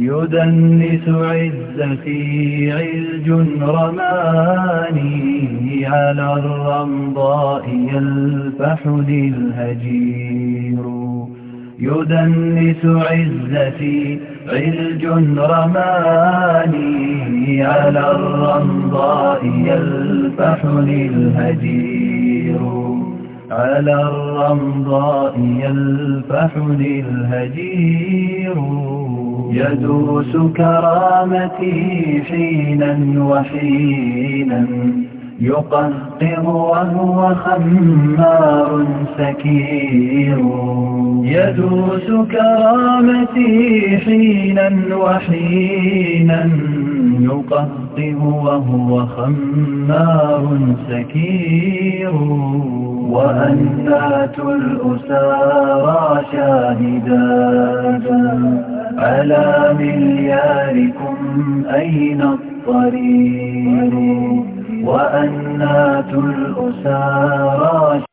يدنس عزتي عز رماني على الرمضاء يلفح الهجير يدنس عزتي عرج رماني على الرمضاء يلفح الهجير على الرمضاء يلفحني الهجير يدوس كرامتي حينا وحينا يقطر وهو خمار سكير يدوس كرامتي حينا وحينا يقطر وهو خمار سكير وأنات الأسارى شاهدات على ملياركم أين الطريق جنات الأسارى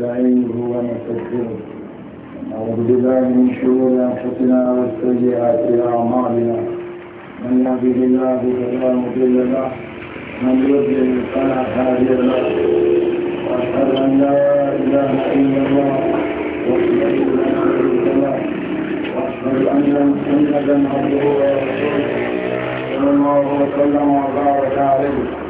نستعينه ونستغفره نعوذ بالله من شرور انفسنا وسيئات اعمالنا من يهده الله فلا مضل له من يضلل فلا هادي له واشهد ان لا اله الا الله وحده لا شريك له واشهد ان محمدا عبده ورسوله صلى الله وسلم وبارك عليه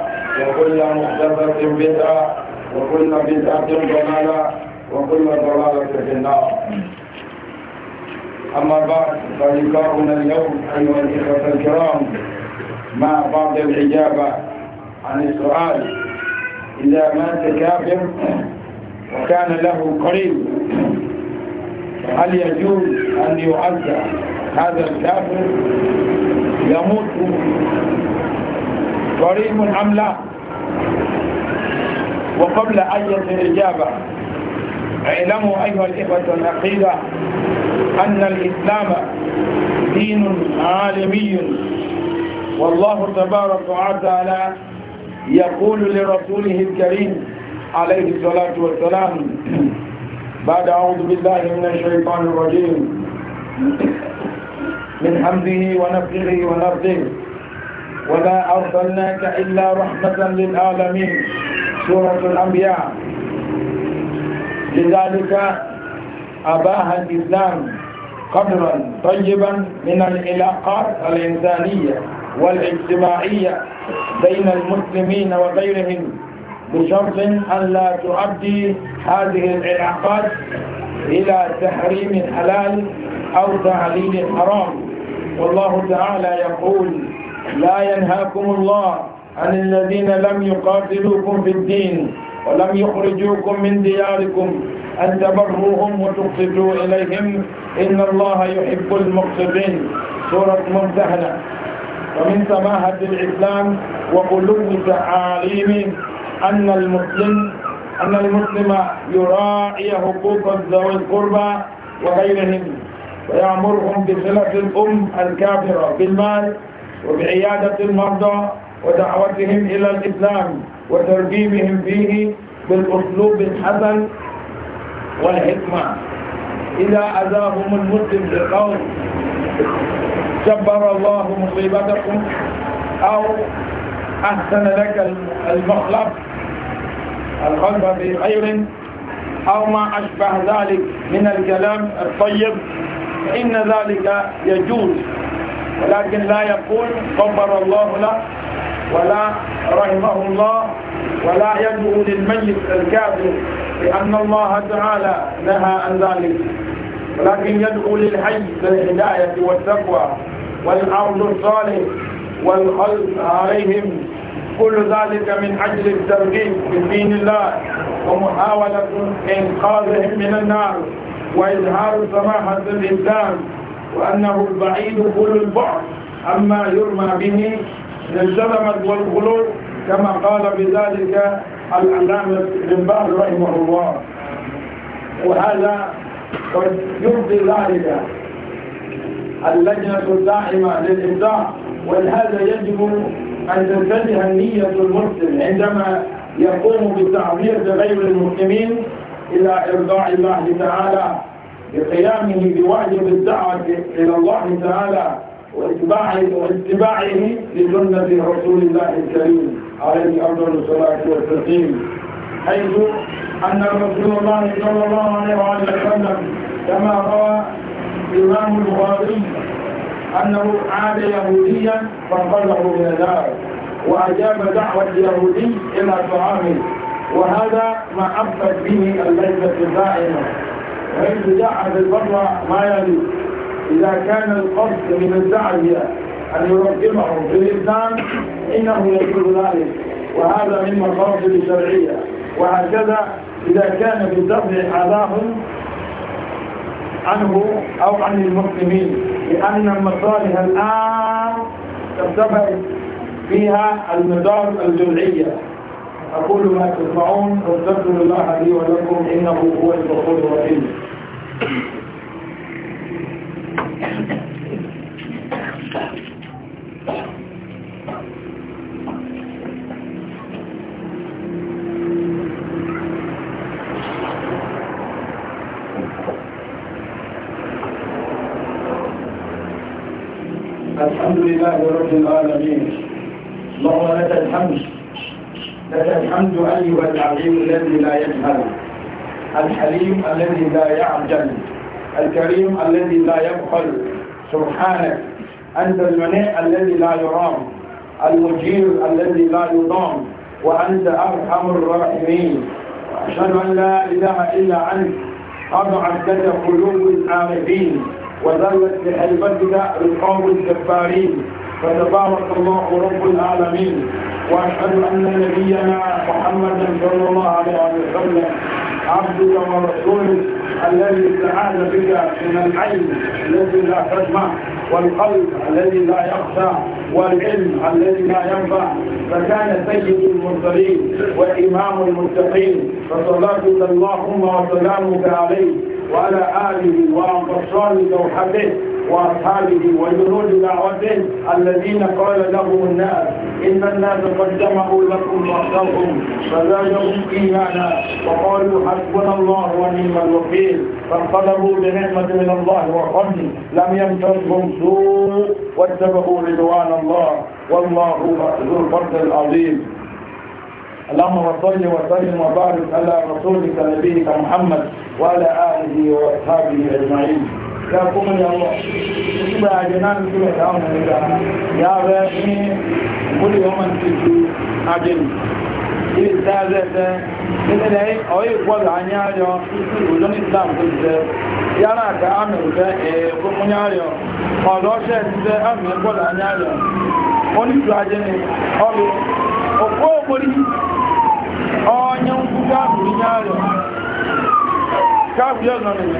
وكل مختلفة بدعة وكل بدعة ضلالة وكل ضلالة في النار أما بعد فلقاؤنا اليوم أيها الإخوة الكرام مع بعض الإجابة عن السؤال إذا مات كافر وكان له قريب هل يجوز أن يعزى هذا الكافر يموت غريم أم لا وقبل أية الإجابة اعلموا أيها الإخوة العقيدة أن الإسلام دين عالمي والله تبارك وتعالى يقول لرسوله الكريم عليه الصلاة والسلام بعد أعوذ بالله من الشيطان الرجيم من حمده ونفقه ونفسه وما أرسلناك إلا رحمة للعالمين سورة الأنبياء لذلك أباها الإسلام قدرا طيبا من العلاقات الإنسانية والاجتماعية بين المسلمين وغيرهم بشرط أن لا تؤدي هذه العلاقات إلى تحريم الحلال أو تعليل الحرام والله تعالى يقول لا ينهاكم الله عن الذين لم يقاتلوكم في الدين ولم يخرجوكم من دياركم أن تبروهم وتقصدوا إليهم إن الله يحب المقصدين سورة ممتهنة ومن سماحة الإسلام وقلوب تعاليم أن المسلم أن المسلم يراعي حقوق ذوي القربى وغيرهم ويأمرهم بصلة الأم الكافرة بالمال وبعيادة المرضى ودعوتهم إلى الإسلام وترغيبهم فيه بالأسلوب الحسن والحكمة إذا أذاهم المسلم بقول جبر الله مصيبتكم أو أحسن لك المخلف الخلف في خير أو ما أشبه ذلك من الكلام الطيب فإن ذلك يجوز لكن لا يقول غفر الله له ولا رحمه الله ولا يدعو للميت الكافر لأن الله تعالى نهى عن ذلك ولكن يدعو للحي بالهداية والتقوى والعرض الصالح والخلق عليهم كل ذلك من أجل الترغيب في دين الله ومحاولة إنقاذهم من النار وإظهار سماحة الإنسان وأنه البعيد كل البعد أما يرمى به من الزلمة والغلو كما قال بذلك الإمام بن باز رحمه الله وهذا قد يرضي ذلك اللجنة الداعمة للإبداع ولهذا يجب أن تنتبه النية المسلم عندما يقوم بالتعبير غير المسلمين إلى إرضاء الله تعالى لقيامه بواجب الدعوة إلى الله تعالى واتباعه واتباعه لسنة رسول الله الكريم عليه أفضل الصلاة والتسليم حيث أن رسول الله صلى الله عليه وسلم كما روى الإمام البخاري أنه عاد يهوديا فانقذه من النار وأجاب دعوة اليهودي إلى طعامه وهذا ما أبت به الليلة الدائمة وإن زعد البرع ما يلي إذا كان القصد من الزعية أن يرقمه في الإنسان إنه يكون ذلك وهذا من مقاصد الشرعية وهكذا إذا كان في الدفع حذاه عنه أو عن المسلمين لأن المصالح الآن ترتفع فيها المدار الجمعية أقول ما تسمعون فاستغفر الله لي ولكم إنه هو الغفور الرحيم الحمد لله رب العالمين اللهم لك الحمد أيها العليم الذي لا يجهل الحليم الذي لا يعجل الكريم الذي لا يبخل سبحانك أنت المنيع الذي لا يرام المجير الذي لا يضام وأنت أرحم الراحمين أشهد أن لا إله إلا أنت قد عدت قلوب العارفين وذلت لحلمتك القوم الكفارين فتبارك الله رب العالمين وأشهد أن نبينا محمدا صلى الله عليه وسلم عبدك ورسولك الذي استعاذ بك من العين الذي لا تجمع والقلب الذي لا يخشى والعلم الذي لا ينفع فكان سيد المرسلين وإمام المتقين فصلاتك اللهم وسلامك عليه وعلى آله وعلى بشارك وحده وأصحابه وجنود دعوته الذين قال لهم الناس إن الناس قد جمعوا لكم وحدهم فزادهم إيمانا وقالوا حسبنا الله ونعم الوكيل فانقلبوا بنعمة من الله وفضل لم يمسسهم سوء واتبعوا رضوان الله والله ذو الفضل العظيم اللهم صل وسلم وبارك على رسولك نبيك محمد وعلى اله واصحابه اجمعين ya kuma yawo shi ba a jana da zuwa da wani da ya ba ne gudu yawan teku a jini ilé ta zẹ́ tẹ́ nílẹ̀ ọ̀yí gbọ́dọ̀ anyáyọ ìlú ní islam tó jẹ́ yára àti àmì ìfẹ́ ẹ̀ẹ́kùnkúnyáyọ ọ̀dọ́ ṣẹ́ ti jẹ́ àmì gbọ́dọ̀ anyáyọ oníṣù ajé ni ọlù òkú ògbórí ọ̀nyẹ́ ń kú káàkiri nyáyọ káàkiri ọ̀nà nìyí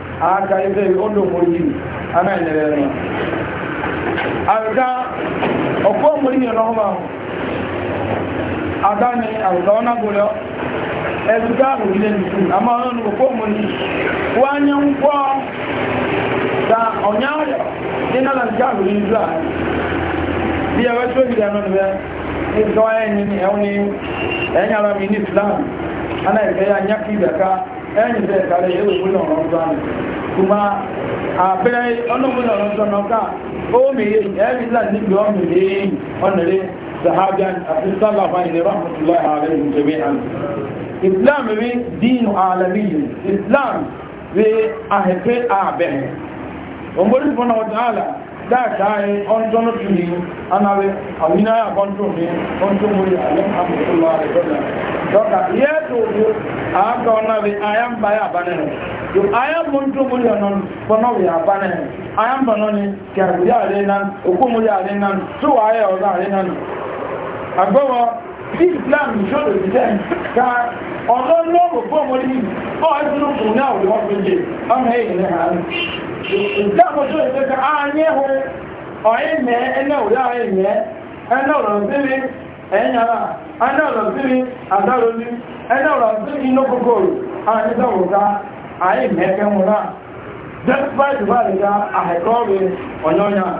aka ife olùmọ̀jì ana ìnyẹrẹ rẹ̀ àgbà ọ̀pọ̀ ọmọdé yẹn lọ́wọ́ máa àgbà ni àgbà ọ̀nà gbọ́dọ̀ ẹ̀dùgá òwúlé nìkú àmọ́ ọ̀nà ọ̀pọ̀ ọmọdé wọ́n á nyẹ ń gbọ́ da ọ̀nyáyọ̀ nínú àgbà òwúlé nìkú àárín bí ẹwẹ́ tó ìdí ẹ̀nà nìyẹn ní ìgbọ́ ẹ̀yìn ẹ̀wọ̀n ni ẹ̀yìn ara mi ní Islam ana ìfẹ́ yà nyá kí ìdàká ẹ̀yìn bẹ́ẹ̀ kàrẹ̀ yóò wúlò ọ̀rọ̀ ọ̀gbọ́n kuma abẹ́rẹ́ ọlọ́gbọ́n ọ̀rọ̀ ọ̀gbọ́n ọ̀ká ó mèrè ẹ̀rí là níbi ọmọ lẹ́yìn ọ̀nàrẹ́ sahabian àti sábàbà ilẹ̀ rahmatullahi alẹ́ ìjẹ̀mẹ́ àmì islam rí dínú alẹ́rí islam rí ahẹ́fẹ́ àbẹ̀rẹ̀ ọmọdé fọ́nà ọ̀tá àlà that guy unjoined to me, and I Avina control me, control me, Alhamdulillah, Doctor, here to you, I am gonna be, I am by Abanen. You, I am Muntu Mulyanon, Bonovi Abanen. I am Bononi, Karuya Renan, Ukumuya Renan, Suaya Renan. Agbọ́wọ́ tí islam ìṣòro ìjẹ́ ká ọ̀nà lọ́rọ̀ fún despite the fact that I had called it on your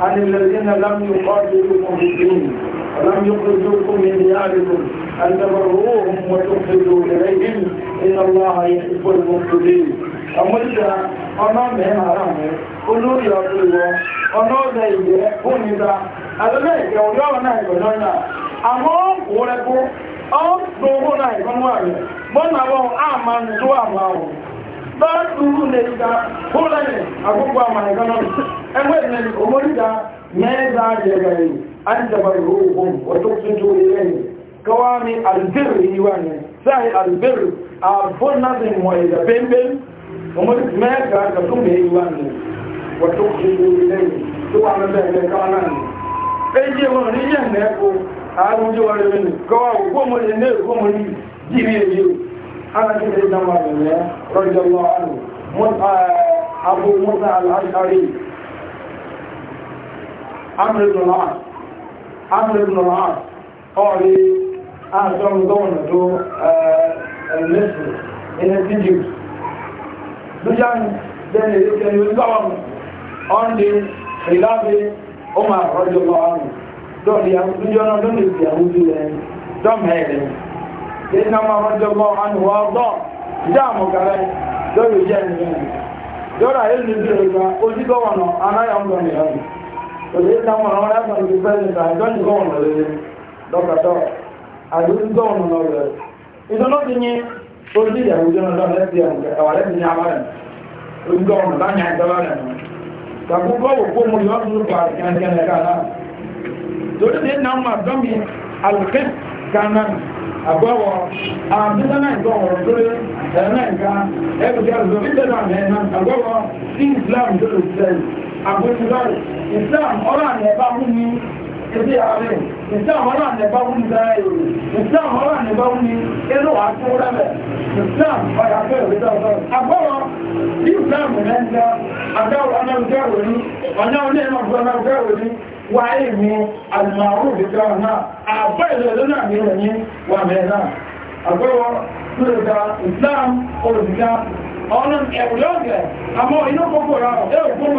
عن الذين لم يقاتلوكم في الدين ولم يخرجوكم من دياركم أن تبروهم وتخرجوا إليهم إن الله يحب المفسدين ọmọlúdà ọ̀nà mẹ́rin ara mẹ́ olórí ọdún ìwọ ọ̀nà ọ̀dọ̀ ìgbẹ́ fúnnita alẹ́lẹ́ ìgbẹ́ ọjọ́ ọ̀nà ìgbẹ̀lọ́ náà àmọ́ òun rẹ̀ kú ọ́ gbogbo náà ìgbọ́nwà rẹ̀ bọ́nà wọn àmà nìtú àmà ọ̀hún lọ́dúnrún nẹ̀dúgá fúnlẹ̀nẹ̀ àkókò àmà ìgbọ́nà ẹgbẹ́ ìrìnlẹ̀ òmòrígá mẹ́ẹ̀dá yẹgbẹ̀rẹ̀ àjíjàbà ìhòòhùn ọ̀tọ́ tuntun ilẹ̀ kọwa ni albir yiwa ne sai albir a fúnnazin wọ̀ ìgbà pẹ́mpẹ́ òmòrígá mẹ́ẹ̀dá ka tún bẹ̀ yiwa ne ọ̀tọ́ tuntun ilẹ̀ tó wà lọ́dẹ̀ ilẹ̀ kọwa náà ne ẹjẹ́ ní yẹn أنا سيدنا معلم رضي الله عنه أبو موسى الأشعري عمرو بن العاص عمرو بن العاص قال أعظم دولة مصر إن الجيوس بجان بين يمكن يلقاهم عند خلاف عمر رضي الله عنه دول يهود دول يهود دول يهود دول يهود lẹ́yìn náà máa rọ́jọ́ mọ́ àánúwà ọgbọ́n ìdá àmọ̀gàrẹ́ lórí ìjẹ́ ìrìnlẹ̀ yọ́rà ìlú bí ìrìnlẹ̀ ojúgọ́wọ̀nà anáyàmgbọ̀n ìrìnlẹ̀ òlè ìtàwọn ọ̀rọ̀ ẹ̀fọn ìlú pẹ́lẹ̀ta ìjọ́nìgọ́wọ̀nà lẹ́lẹ́ lọ́kàtọ́ àdúgbọ́wọ̀nà lọ́rẹ̀ ìdọ́nà ti ní orí ìyàwó jẹ́nà lọ́rẹ̀ lẹ́bí àwọn ẹ̀bí ní àmàrẹ̀ ojúgọ́wọ̀nà láyà ìjọba rẹ̀ tàbúkọ́wò kó mú yọ́sùn pa kẹ́kẹ́ àgbọ́wọ̀ àbílẹ̀ náà ìgbọ́ ọ̀rọ̀ tó lé ẹ̀rẹ́ náà ìgbà ẹgbẹ̀jẹ́ àrùsọ nígbẹ̀dà mẹ́ẹ̀nà àgbọ́wọ̀ islam tó lè sẹ́ àgbẹ̀tùláì islam ọ̀rọ̀ àmì ẹ̀bá mú ní ẹbí ààrẹ islam ọ̀rọ̀ àmì ẹ̀bá mú ní dára èrò islam ọ̀rọ̀ àmì ẹ̀bá mú ní ẹlò àtúrẹ́mẹ̀ islam ọ̀yà fẹ́ẹ̀rẹ́ dáadáa àgbọ́wọ̀ sí islam rẹ̀ ń dá àdáwọ̀ ọ̀nà ìgbẹ̀rẹ̀ ní ọ̀nà ìgbẹ̀rẹ̀ ní wà ní alìmọ̀rún ìdíkà náà àbọ̀ ìlú náà ní ìròyìn wà mẹ́ náà àgbọ́wọ́ lóòdá islam olùdíkà ọ̀nà ẹ̀wùlọ́gẹ̀ àmọ́ inú kókò rà ẹ̀ òkúrú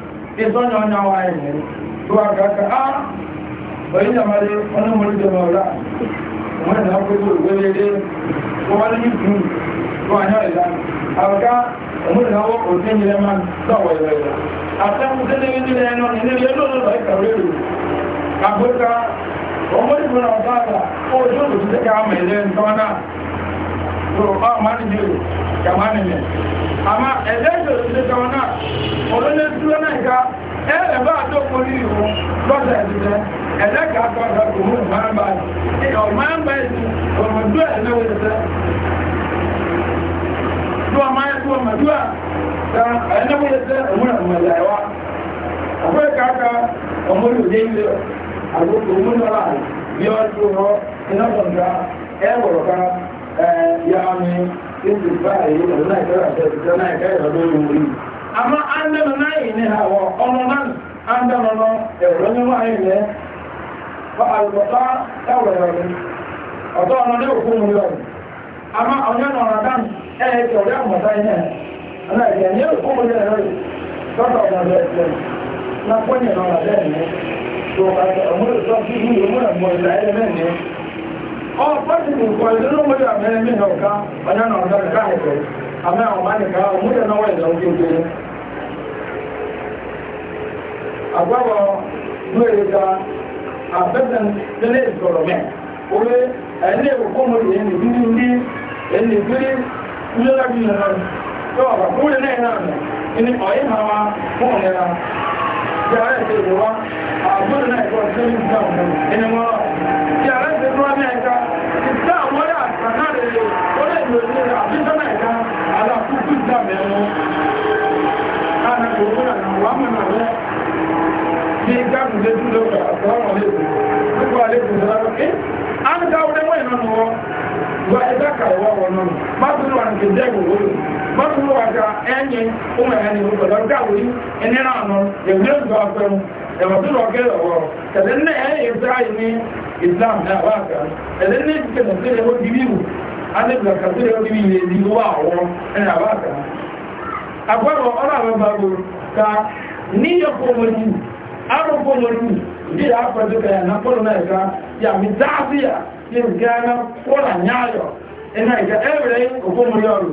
ìtọ́nà ọ̀nà àwọn ẹ̀yìn tó wà kàkà á ọ̀yìn àmàlé ọlọ́mọdébọ̀ ọ̀la wọ́n ìlà pẹ̀lú ìgbẹ́lẹ́dẹ́ wọ́n wá ní ìtún tó wà ní ọ̀la àwọ̀ká òun ìlà wọ́n kò tẹ́yìn rẹ̀ máa sọ̀wọ̀ ìrẹ̀ ìlà àtẹ́kùn tẹ́lẹ̀ ní ilẹ̀ ẹ̀nà nínú ilé lọ́lọ́lọ́ ìkàwé rẹ̀ àgbẹ́ka ọmọdébọ̀ ọ̀gá àgbà olóyè dúró náà ká ẹ̀rẹ̀ bá àdókò ní ìwò lọ́sẹ̀ ẹ̀dẹ̀ ẹ̀dẹ́gà gbọ́dọ̀ kò mú ìmọ̀rànbá yìí ọ̀mọ̀rànbá yìí ọ̀mọ̀dú ẹ̀ lọ́wọ́ ẹ̀sẹ̀ lọ́wọ́ máa yẹ kó ọ̀mọ̀dú à ta ẹ̀lọ́wọ́ ẹ̀sẹ̀ òmùrà ọ̀mọ̀dà ẹ̀wà ọ̀pọ̀ ẹ̀ka aka ọmọdé òde ilé àgbókò òmùnọ́lá bí ọ́ tó rọ iná kọ̀ǹda ẹ̀wọ̀rọ̀ ká ẹ̀yà mi ètò ìfáà yìí ọ̀dọ́ náà ìkẹ́rẹ́ àti ẹ̀sẹ̀ náà ìkẹ́rẹ́ ọ̀dọ́ yìí lẹ́nu náà ní àwọ̀ ọmọ náà ándánlọ́nà ẹ̀rọ níwọ̀ ayé lẹ́ alùpọ̀tà ẹ̀wọ̀ ẹ̀rọ ọ̀tọ́ ọ̀nà ní òkú mu lọ́rù àmọ́ ọ̀nyẹ́ nà ọ̀nà dán ẹ̀yẹ ti ọ̀rẹ́ àmọ̀tá ihe ọ̀nà ẹ̀yẹ ní òkú mu lọ́rù lọ́tọ̀ ọ̀nà rẹ̀ ẹ̀sẹ̀ na pọ́nyẹ̀ nà ọ̀nà bẹ́ẹ̀ ní tó ọ̀kadà ọ̀múlò tó fi mú ìlú múlò mọ̀ ìlà ẹ̀yẹ bẹ́ẹ̀ ní ọ̀ pọ́sì ní nǹkan ìlú ló mọ̀lẹ́ àmẹ́rẹ́ mi nà ọ̀ká ọ̀nyẹ́ nà ọ̀nà rẹ̀ káàkiri àmẹ́ àwọn máa nìkan ọ̀múlò náà wà ìlà òkú agbọ́rọ̀ lóòrèdà àbẹ́sẹ̀n tẹ́lẹ̀ ìsọ̀rọ̀ mẹ́ orí ẹni ìwòkómọ̀ ẹni ìbírí ní ẹni ìbírí nílẹ́gbìnrin náà tó ọ̀rọ̀ fún ilẹ̀ náà ní ọ̀yẹ́ máa wá fún ọ̀nẹ́ra tí a rẹ̀ ṣe ìwọ́wá àbúrò náà ẹ̀kọ́ sí ní ìgbà ọ̀nà ẹni wọ́n rọ̀ tí a rẹ̀ ṣe fún ọmọ ẹ̀ka ìgbà àwọn ọ̀rẹ́ àkàná rẹ̀ lè ọ̀rẹ́ ìlú ìlú àbíjọ́ náà ẹ̀ka lójú lọ́gbà àwọn àlejò gbogbo àlejò lára pé a ń dá ọdẹ wọ́n ìnáwó wọn wà ẹ̀dá kàwọ́ wọn náà má tún wà ní kejì ẹ̀gbọ̀n lórí má tún wà ká ẹ̀yìn ọmọ ẹ̀yìn ní gbogbo lọ́gbà wòrí ẹni náà nọ ẹ̀gbẹ́ ìgbà afẹ́run ẹ̀wọ̀n tún lọ gẹ́rẹ̀ ọ̀rọ̀ tẹ̀lé ní ẹ̀yìn ìfẹ́ àyè ní islam náà wà ká tẹ̀lé ní ìfẹ́ tẹ̀lé ó di wíwù á ní ìgbà tẹ̀lé ó di wíwù yẹn di wà àwọn ẹ̀yà wà ká àgbọ̀rọ̀ ọlọ́ àwọn bàbá ka níyẹ̀kọ́ wọn yìí an ko yoni bi ya fa duka ya na ko na ka ya mi dafiya yin gana ko na nyayo ina ga every ko ko mu yoro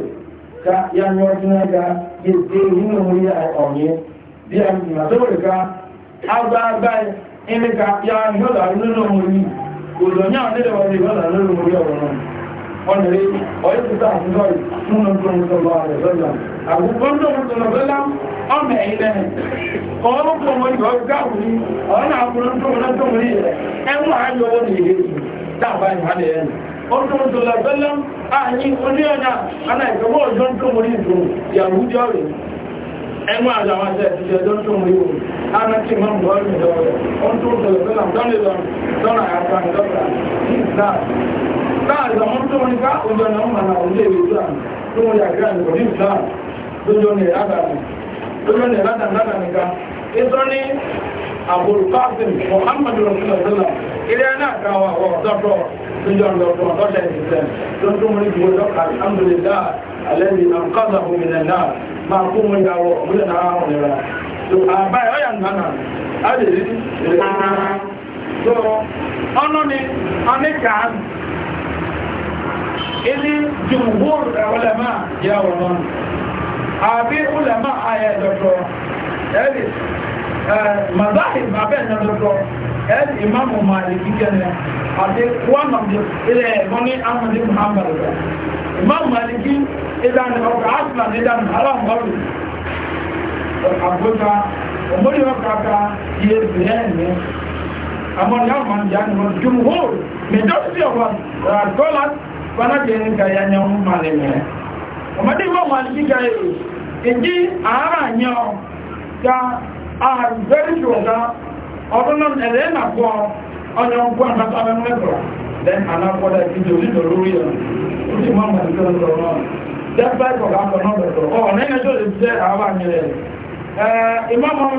ka ya nyor na ga ye de yin mu ya onye bi an na do ka agba agba ina ka ya nyo da nunu mu ni ko do nya ne da wa ni ba da nunu mu ya onye wanda dai wani su ta hasu zai nuna tun musamman da zallam abubuwan da mutum na zallam an mai ayi dane kọwọ́n kọwọ́n wani yọ ga wuri ọ̀nà àkùnrin tó wọ́n tó wuri rẹ̀ ẹn wà á yọ wọ́n ní ilé su dáàbà ní hàn na zallam a ní oní ọ̀nà ana ìjọba ọjọ́ tó wuri tó yàrá jọ rẹ̀ ẹn wà àwọn àti ẹ̀sìn ọjọ́ tó wuri láàrin àwọn tó wọn ká ojú ọ̀nà ọmọ àwọn ilé ìwé islam tó wọn yàgbé àmì pẹ̀lú islam lójú ọ̀nà ìlàdàmì lójú ọ̀nà ìlàdàmì ládàmì ká ètò ní àbòrùkáàfin mohammed rasulullah ilé náà ká wà wọ ọ̀dọ́tọ̀ lójú ọ̀nà ọ̀dọ́ ọ̀dọ́tẹ̀ ìsìlẹ̀ tó tó wọn ní ìwé dọ́kà alhamdulillah alẹ́bí àkọ́dà òmìnira náà máa kó wọn yà wọ òmìnira náà wọn nira tó àbáyé ọ̀yà nánà á lè rí ọ̀nà ni ọ̀nẹ́kàá ilé jùmùhúr ulama yà wọ̀n àbí ulama ayẹ dọ̀dọ̀ ẹ̀rì mazahib abẹ́ ẹ̀nà dọ̀dọ̀ ẹ̀rì imamu maliki kẹ́lẹ̀ àti one of the ilẹ̀ ẹ̀gbọ́n ní amadi muhammad rẹ̀ imamu maliki ìdáni ọkọ̀ aslan ìdáni aláàmọ́rù àgbóta ọmọdé ọkọ̀ aka yẹ bẹ̀rẹ̀ ẹ̀mẹ́ àmọ́ ní àwọn àmàlìyàn jùmùhúr majority of us are fanajen ga yanyan malime ọmọdé wọ́n wọ́n ní ga èrò èjì àárà yàn ga àgbẹ́rìsù ọ̀gá ọdún ẹ̀rẹ́ nàgbọ́ ọjọ́ ń gbọ́n látàrí mẹ́kọ̀ọ́ then alákọ́dá ìfìdí onídò lórí ẹ̀ ó sì mọ́ mọ̀ nípa ọ̀rọ̀ náà dẹ́gbẹ́ ìkọ̀gá ọ̀nà ọ̀rọ̀ ọ̀nà ẹ̀jọ́ lè jẹ́ àwọn àmì rẹ̀ ìmọ̀ mọ̀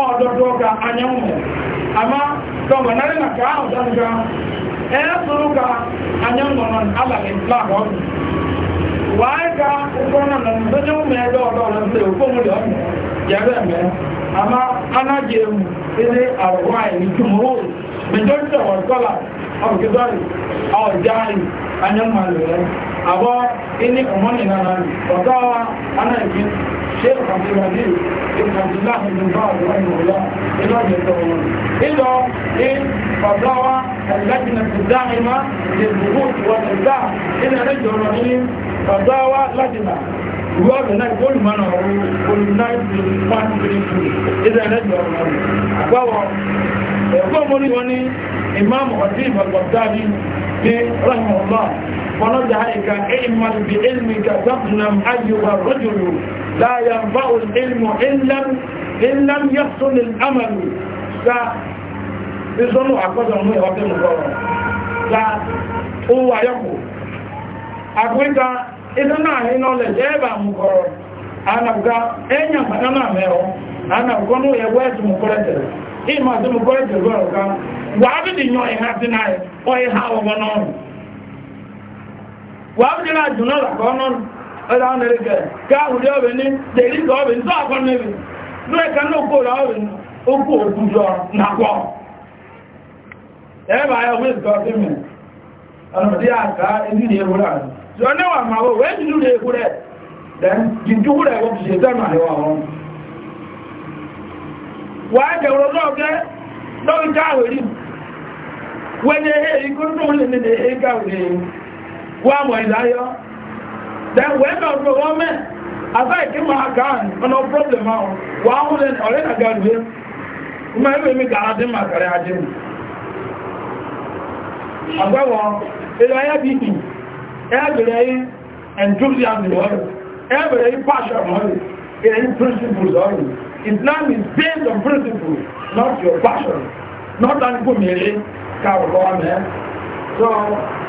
ọ̀dọ̀dọ̀ ga anyanwụ amma dọ̀gbọ̀narị na ka ahụ zanụga ee sụrụ ga anyanwụ na abalị flag ọdụ wàá ga ụkwụna na ndonye ụmụ ebe ọdọọdọ ndị okomori ọdụ yẹrẹ mẹ amma anaghị ewu ilé àrùwá ẹni jùmọ̀ ó majority of our scholars of Gidori or Jari anyanwụ alẹ́ àbọ̀ ilé ọmọ nìyàrá ọ̀gá wa anaghị شيخ عبد العزيز ابن عبد الله بن باز رحمه الله الى يتولون اذا ان فتاوى اللجنه الداعمه للبحوث والابداع الى رجل الرحيم فتاوى لجنه wọ́n náà kó lùmọ́ náà olùmọ́ náà ìdá ẹ̀lẹ́jọ́ ọ̀rọ̀ àgbáwọ̀ ẹ̀kọ́ mọ́ ní wọ́n ní ìmáàmù ọ̀dí ìbàgbọ̀dáàbí ní rahimahullah فنجعلك علما بعلمك تظلم أيها الرجل لا ينفع العلم إن لم, إن لم يحصل الأمل ìsọ́nù àkọ́sọ̀mú ìwọ́pẹ́ mú sọ́rọ̀ ta owó ayọ́kù àkúríta ìsọ́nà àhínọ́lẹ̀ jẹ́ẹ̀bà mú kọ́rọ̀ anàbùká ẹ̀yàn pàtánà mẹ́ọ anàbùkọ́nù ẹ̀wọ́ ẹ̀tù mú kọ́rẹ̀tẹ̀rẹ̀ ìmọ̀ àti mú kọ́rẹ̀tẹ̀rẹ̀ wàbùdí náà jùnà làkọ́nà ọ̀dá ọ̀nẹ́rẹ́gẹ̀ káàkùdí ọ̀bẹ̀ ní dẹ̀ríkà ọ̀bẹ̀ ní sọ́ọ̀kọ́ níbi lóẹ̀kà ní òkú ọ̀rọ̀ na ní òkú òkújọ nàkọ́ ẹ̀bà ayọ̀wé ìtọ́símẹ̀ ọ̀nàdí àkà wọ́n tó lè ní wàmọ̀ ìdáyọ́ then wẹ́nà ọ̀rọ̀ wọ́n mẹ́ asáìkí máa gáàni ọ̀nà problem ahùn wà áhùn lẹ́nà ọ̀rẹ́ nà gáàni wé ọmọ ẹgbẹ́ mi gàá dín máa kàrẹ ajé mi àgbẹ́wọ̀ ilẹ̀ ayé bí i ẹgbẹ̀rẹ̀ yí enthusiasm lọ́rọ̀ ẹgbẹ̀rẹ̀ yí passion lọ́rọ̀ ilẹ̀ yí principle Islam is based on principle not your passion not an kò mèrè káwọ̀ lọ́wọ́ mẹ́ so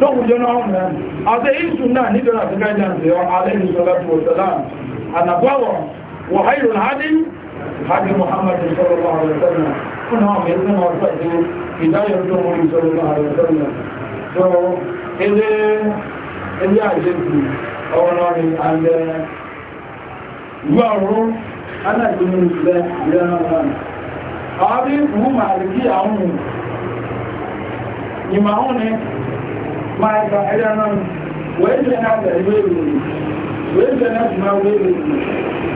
lókùn jẹ́ náà mẹ́ àti ìsù náà nítorí àti gájáǹsì alẹ́ هذه محمد صلى الله عليه وسلم كنا عم يسمع وصحبه بداية الجمهور صلى الله عليه وسلم máa gba ẹ̀yà náà وإلا نعمل غير وإلا نجمع غير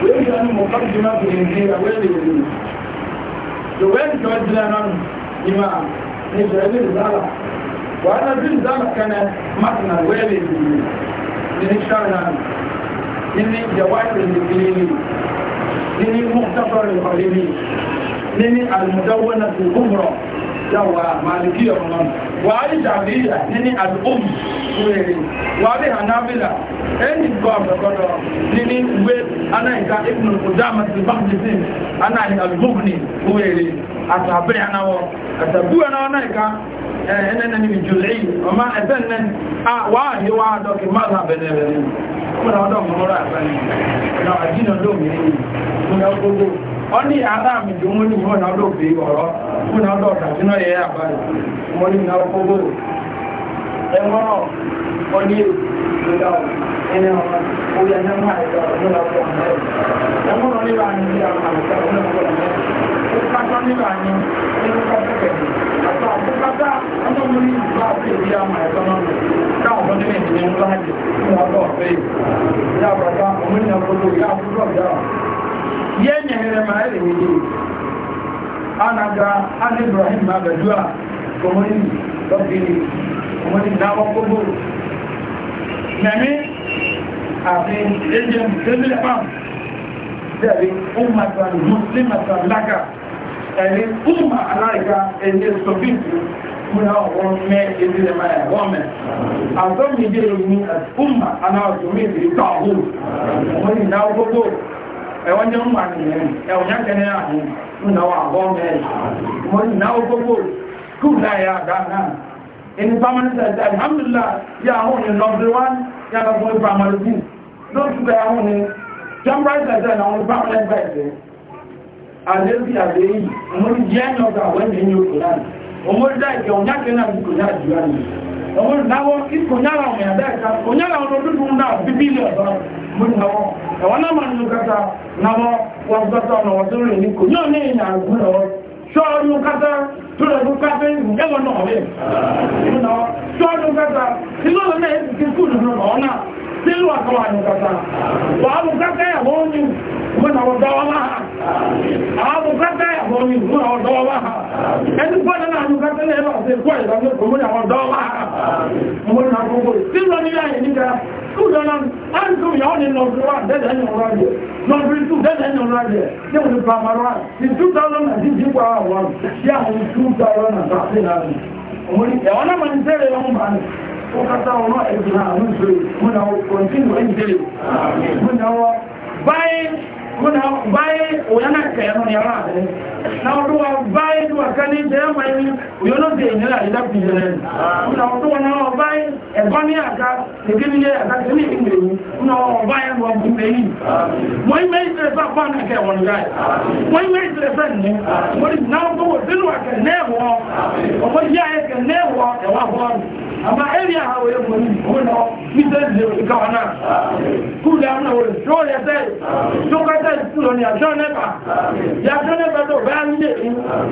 وإلا المقدمة في الإنجيل غير وين توجه لنا إمام نجعل الزرع وأنا في الزرع كان متنا غير لنشارنا من جوائز الإنجيل من المختصر الخليلي من المدونة الكبرى yawa malikiyar nan wari jami'a nini al'um were wari hanabila ẹni gọ́ọ̀gọ́gọ́dọ̀ nini uwe anáyíká ibn kudama ti bakdisin anáyí al'ubni were àtàbí anáwọ̀ àtàbí anáwọ̀ náyíká ẹnẹ́nẹ́ ni jùlẹ̀ ọmọ ẹ̀fẹ́ nẹ́ wáàrí wá dọ́kì máa bẹ̀rẹ̀ wani adam ju muni mo na do bi oro mo na do ta tino ye aba mo ni na ko go e mo o ni do da ene o o ya na ma e do mo na ko na e mo ni ba ni ya ma ta mo na ko na o ka to ni ba ni e mo ka ke ni ata o ka ta o mo ni ba pe ya ma e do na ta o ko ni ni mo la ni mo na do pe ya ba ta o mo ni na ko do ya ko do ya Ismail wèdè anaga an Ibrahim abẹ̀dúwà kòmọ́nì lọ́gbìnì kòmọ́nì dáwọ́ gbogbo mẹ́mí àti ẹjẹm tẹ́lẹ̀ pàm tẹ́lẹ̀ ọmọdé muslimata lága ẹ̀lẹ́ ọmọ aláìka ẹ̀lẹ́ sọfíìsì muna wọn mẹ́ ẹ̀lẹ́ mẹ́ wọ́n mẹ́ àtọ́mìdé ẹ̀lẹ́ ọmọ aláìka ẹ̀lẹ́ sọfíìsì ẹ̀wọ́n jẹ́ mú àtìyàn ẹ̀wọ̀n yá kẹ́lẹ́ àmì ìnáwó àbọ́ mẹ́rin mo ìnáwó gbogbo kú láyé àgbà náà ẹni permanent ẹ̀sì alhamdulillah yà àwọn òní number one yà lọ́gbọ́n ní primary two lóòtú bẹ̀ àwọn òní jump right ẹ̀sì ẹ̀ àwọn permanent ẹ̀sì àdébí àdéyìn mo ní ọmọdé ìjọ ònyákẹ́lá ní kònyá ìjọ àná ọmọdé náwọ́ kí kònyára ọmọ ẹ̀dá ẹ̀ka kònyára ọmọ dúdú ńlá bíbí ilẹ̀ ọ̀dọ́ mọ́dé náwọ́ ẹ̀wọ́n náà máa nínú kata náwọ́ wọn gbọ́tọ̀ ọ̀nà wọ́n tó rìn ní kònyá ní ìyà àgùn náà sọ́ọ̀nù kata tó lọ fún káfẹ́ silwa kama anataka babu kaka ya honi mwana wadawa maha babu kaka ya honi mwana wadawa maha ẹni gbọ́nà náà ní kátẹ́lẹ̀ ẹ̀rọ àti ẹ̀kọ́ ìdájọ́ ìkọmọ́nà àwọn dọ́wà mọ́nà àkókò sílọ ní láyé nígbà kúrọ̀nà àìsùn ìyàwó ní lọ́gbọ́nà dẹ́dẹ̀ ẹ̀yìn ọ̀rọ̀ àjẹ́ lọ́gbọ́nà tún dẹ́dẹ̀ ẹ̀yìn ọ̀rọ̀ àjẹ́ ní òun pàmàrà ní 2000 dípò àwọn sí àwọn 2000 àti àti ìlànà ƙasarwa a jihanun su muna kwanfin wa injiri muna wa bayan muna bayan oyana kayanon yara ne na wato wa bayan duwa kani da ya mai oyano da yin yara ila fijirin muna wato wa na wa bayan ẹgbani aka tegeli yẹ aka tẹlẹ ìgbèrú muna wa bayan wa gbùgbè yìí wọ́n yí mẹ́rin tẹ̀lẹ̀ fà fà náà kẹwọn yá ẹ̀ wọ́n yí mẹ́rin tẹ̀lẹ̀ fà ní wọ́n yí ọmọ yí àyẹ̀kẹ́ nẹ́ẹ̀wọ̀ ẹ̀wà bọ́ọ̀lù amma area ha wayo mo ni ko no mi se je ka wana ku da na wo so ya se so ka ta ku lo ni ajo ne ba ya jo ne ba to ba ni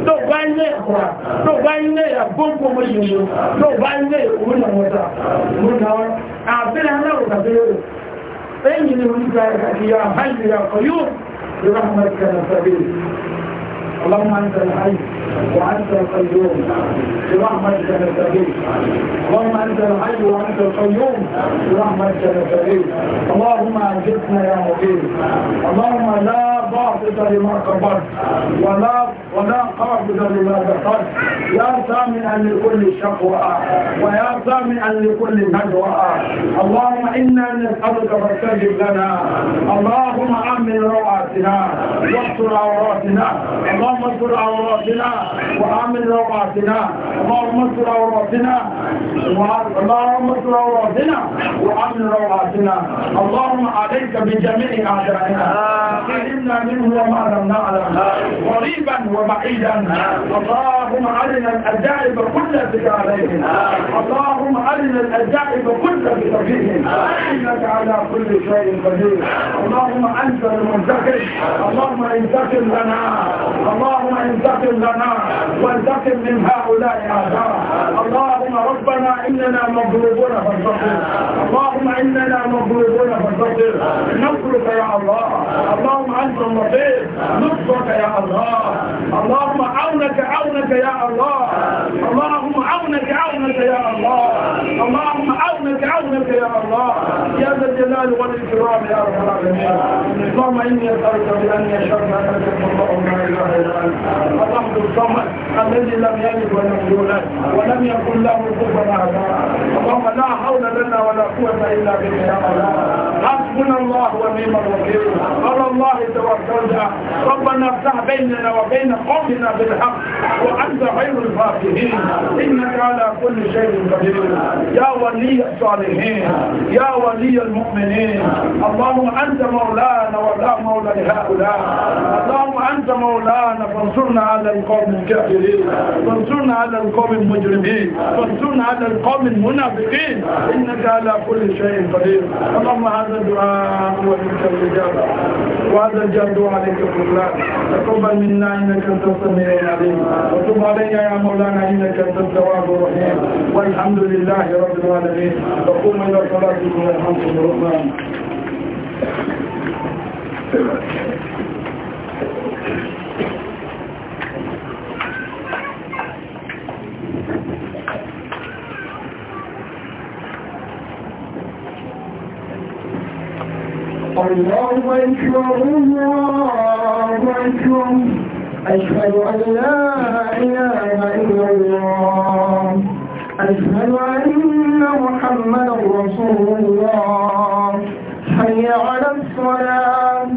to ba ni ko to ba ni ya bon ko mo yi to ba ni ko na mo ta mo na a be na na ko ta be yo ẹ̀yìn ni oníkà ya hajjira kọyọ́ ìrọ̀hàmàkà na sàbẹ̀ ọlọ́mọ àìsàn àìsàn وأنت القيوم برحمتك نستغيث اللهم أنت الحي وأنت القيوم برحمتك نستغيث اللهم أنجزنا يا مجيب اللهم لا ضابط لما كبرت ولا ولا قابض لما دخلت يا سامعا لكل شقوى ويا سامعا لكل نجوى اللهم إنا نسألك فاستجب لنا اللهم أمن روعاتنا واستر عوراتنا اللهم استر عوراتنا وآمن رواتنا اللهم استر عوراتنا اللهم استر عوراتنا وآمن رواتنا اللهم عليك بجميع أعدائنا علمنا منه وما لم نعلم قريبا وبعيدا اللهم علنا الأجائب كل ذكر عليهم اللهم علنا الأجائب كل ذكر فيهم إنك على كل شيء قدير اللهم أنت المنتقم اللهم انتقم لنا اللهم انتقم لنا وانتقم من هؤلاء آثار اللهم ربنا إننا مغلوبون فانتصر اللهم إننا مغلوبون فانتصر نصرك يا الله اللهم أنت النصير نصرك يا الله اللهم عونك عونك يا الله اللهم عونك عونك يا الله اللهم عونك عنك يا الله يا ذا الجلال والإكرام يا رب العالمين اللهم إني أسألك بأن ان تكون الله لا إله إلا أنت اللهم الصمد الذي لم يلد ولم يولد ولم يكن له كفوا أحد اللهم لا حول لنا ولا قوة إلا بك يا الله حسبنا الله ونعم الوكيل على الله توكلنا ربنا افتح بيننا وبين قومنا بالحق وأنت خير الفاتحين إنك على كل شيء قدير يا ولي الصالحين الصالحين يا ولي المؤمنين اللهم أنت مولانا ولا مولى لهؤلاء اللهم أنت مولانا فانصرنا على القوم الكافرين فانصرنا على القوم المجرمين فانصرنا على القوم المنافقين إنك على كل شيء قدير اللهم هذا الدعاء ومنك الإجابة وهذا الجد عليك كلها تقبل منا إنك أنت السميع العليم وتب علينا يا مولانا إنك أنت التواب الرحيم والحمد لله رب العالمين فقوم إلى صلاتكم ويرحمكم الرحمن الله أكبر الله أكبر أشهد أن لا إله إلا الله أشهد أن محمدا رسول الله حي على الصلاة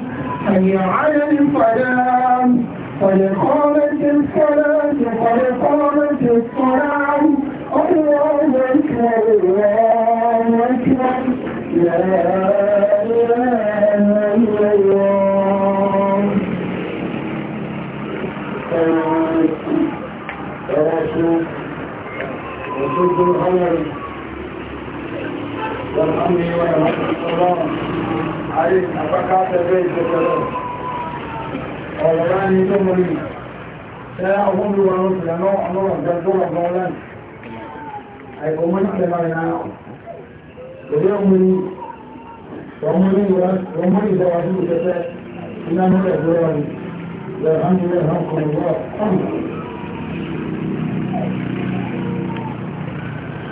حي على الفلام قد قامت الصلاة قد قامت الصلاة الله أكبر الله أكبر لا إله إلا الله Thank you. يرد الغير والحمد والحمد والسلام عليك أفكات بيت الكلام أولاني تمري سيأخذ ونصل نوع نوع جدور أولان أيكم من أحلم أنا اليوم ومري ومري زواجه كتاب إنما الأدوان والحمد لله الحمد لله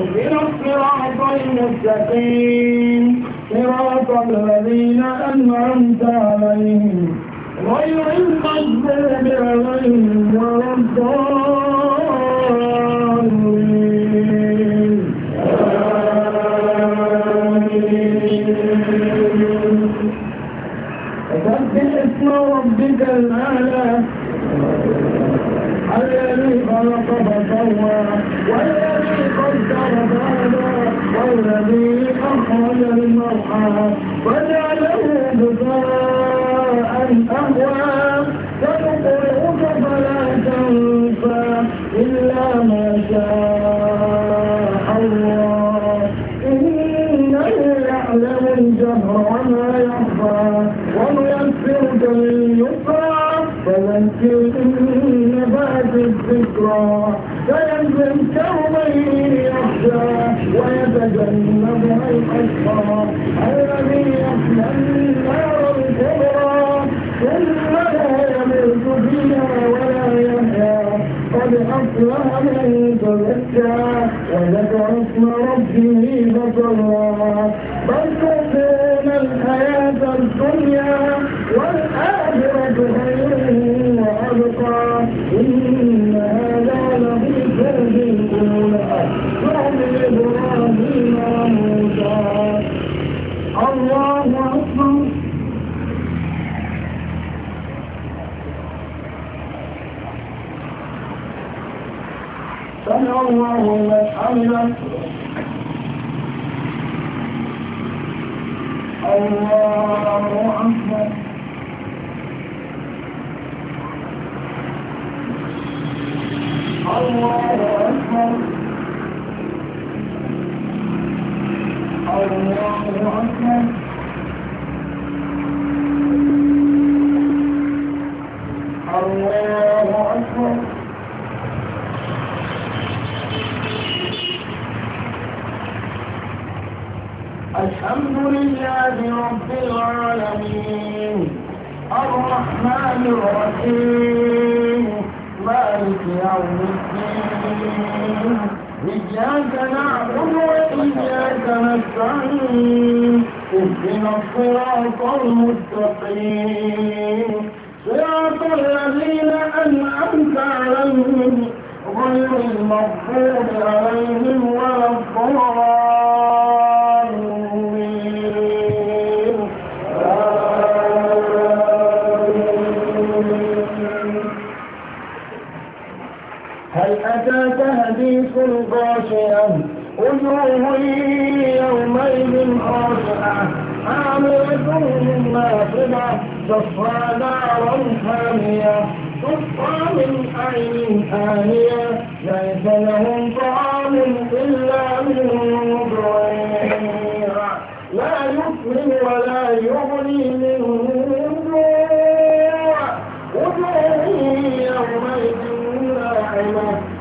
اهدنا الصراط المستقيم صراط الذين أنعمت عليهم غير المغضوب عليهم ولا الضالين آمين فسبح ربك الأعلى الذي أخرج المرعى وجعله بطارا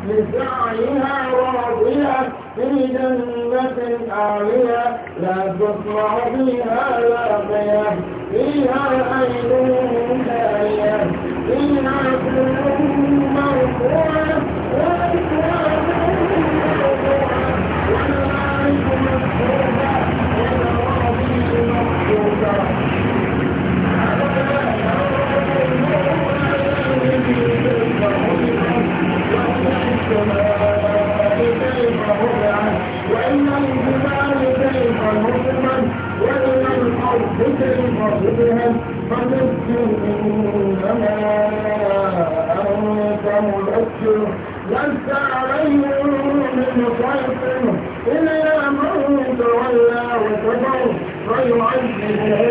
لسعيها راضية في جنة عالية لا تسمع فيها لاقية فيها عين دارية فيها كل مرفوعة وأكواب مرفوعة والعرش مفتوحة وإلى الجبال كيف نصبت وإلى الأرض كيف وضعت فذكر إنما أنت مذكر لست عليهم بمسيطر إلا من تولى وكفر فيعذبه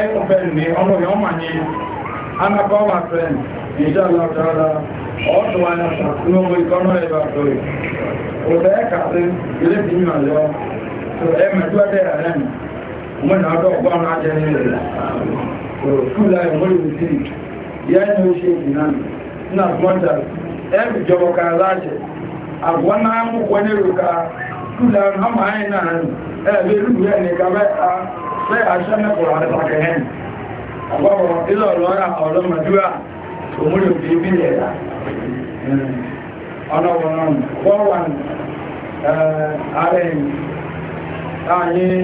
ẹkùn bẹ̀rẹ̀ ní ọmọ yọ ma ní anabọ́wà friend ìjọ lọ́tọ́lá ọ̀tọ̀wà ẹ̀sà ní ọmọ ìkọ́nà ẹ̀bà tóyì sí ilé ti yàn yọ tó ẹ̀mẹ̀tú ẹ̀dẹ̀ ẹ̀rẹ́m mọ́ ní ọdọ́ ajẹ́ ká náà mai ashe na ƙorarra tsakanin abubuwan ilọ̀lọ́ra ọlọ́mọdúwà òmúrò bí i bílẹ̀ rà ọ̀nà ọ̀nà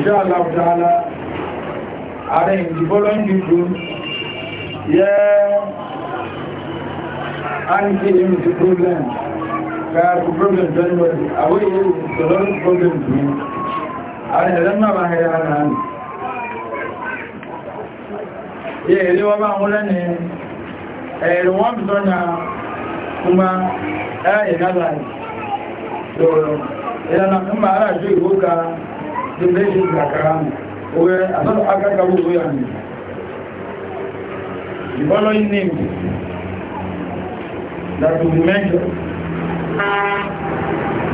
inshallah ta'ala ààrẹ the following people yeah and give him the problem kayar ku problem january awai yi the long problem to me ààrẹ ẹ̀rẹ́ máa bá ẹ̀yà ara ní yẹ ilé wọ́n máa wọ́n lẹ́ni ẹ̀rẹ̀ wọ́n bí sọ́nà kuma ẹ̀yà ìgbàláì ìlànà mma ara ju ìwó ka lè ṣe ìgbàkara mù orí àtàlù agágagó orí àmì the following name that will be mentioned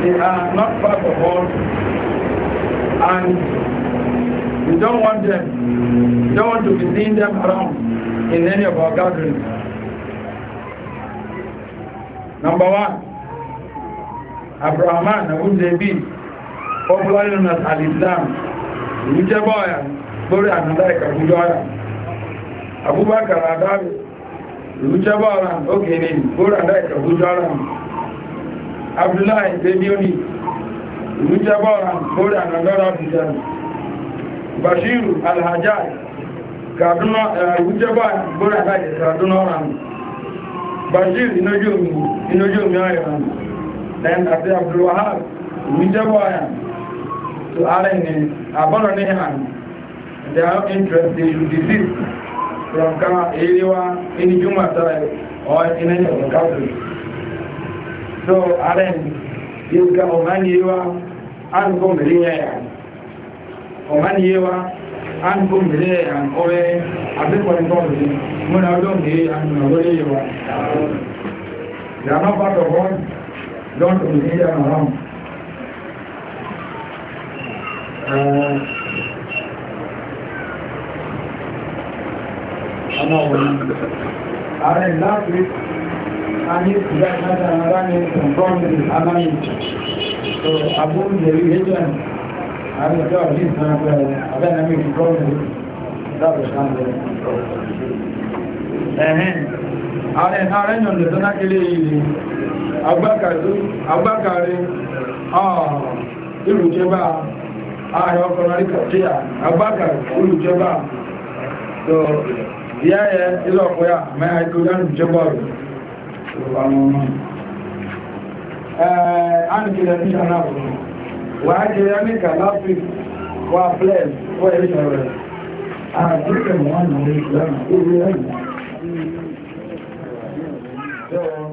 they are not part of all and we don't want them we don't want to be seeing them around in any of our gatherings number one Abraham and Abu Zabi popular known as al-islam èyí jẹ́ bọ́ọ̀yà lórí àdúrà ìkàkújọ́ ọ̀yà abubakar adáre èyí jẹ́ bọ́ọ̀rà ókèrè lórí àdúrà ìkàkújọ́ ọ̀yà abdullahi bedioni èyí jẹ́ bọ́ọ̀rà lórí àdúrà àbújá bashiru alhajjaj kaduna èyí jẹ́ bọ́ọ̀rà lórí àdúrà kaduna ọ̀rà bashir inójú omi ayọ̀ àti abdullahi èyí jẹ́ bọ́ọ̀rà to Allen Abonon and their own interest, they should desist from Kama Eriwa, any Jumata, or in any of the countries. So Allen, you can Oman Eriwa, and go Meliya, Oman Eriwa, and go Meliya, and over, I think what I'm going to do, when I don't hear, and I'm going to They are not part of one, don't be here and around ọmọ òní ààrẹ láti ayé ìgbà ìgbàta ara ní ìtànbọ́nì aláyé tó àbúrú yẹ̀rí ẹjẹ́ ààrẹ ìjọ àti ìsìn abẹ́ ẹ̀mí ìtànbọ́nì dábẹ̀ sáàbẹ̀ ẹ̀hìn ààrẹ ààrẹ yọ̀nà tó nákẹ́lẹ̀ yìí agbákàrí ìrùjẹ́bá ààrẹ ọkùnrin àríkàtíyà agbákàrí olùjọba tó díẹ̀ yẹ ilé ọ̀pọ̀yà mẹ́ra ikú lánìjọba rẹ̀ ìrọ̀bà ọmọ ánìkìlẹ̀ ní ṣanáàbù wà á jẹ́ yáníkà láti wà flẹ̀ fọ́ ẹ̀ṣẹ̀ rẹ̀ ààrẹ̀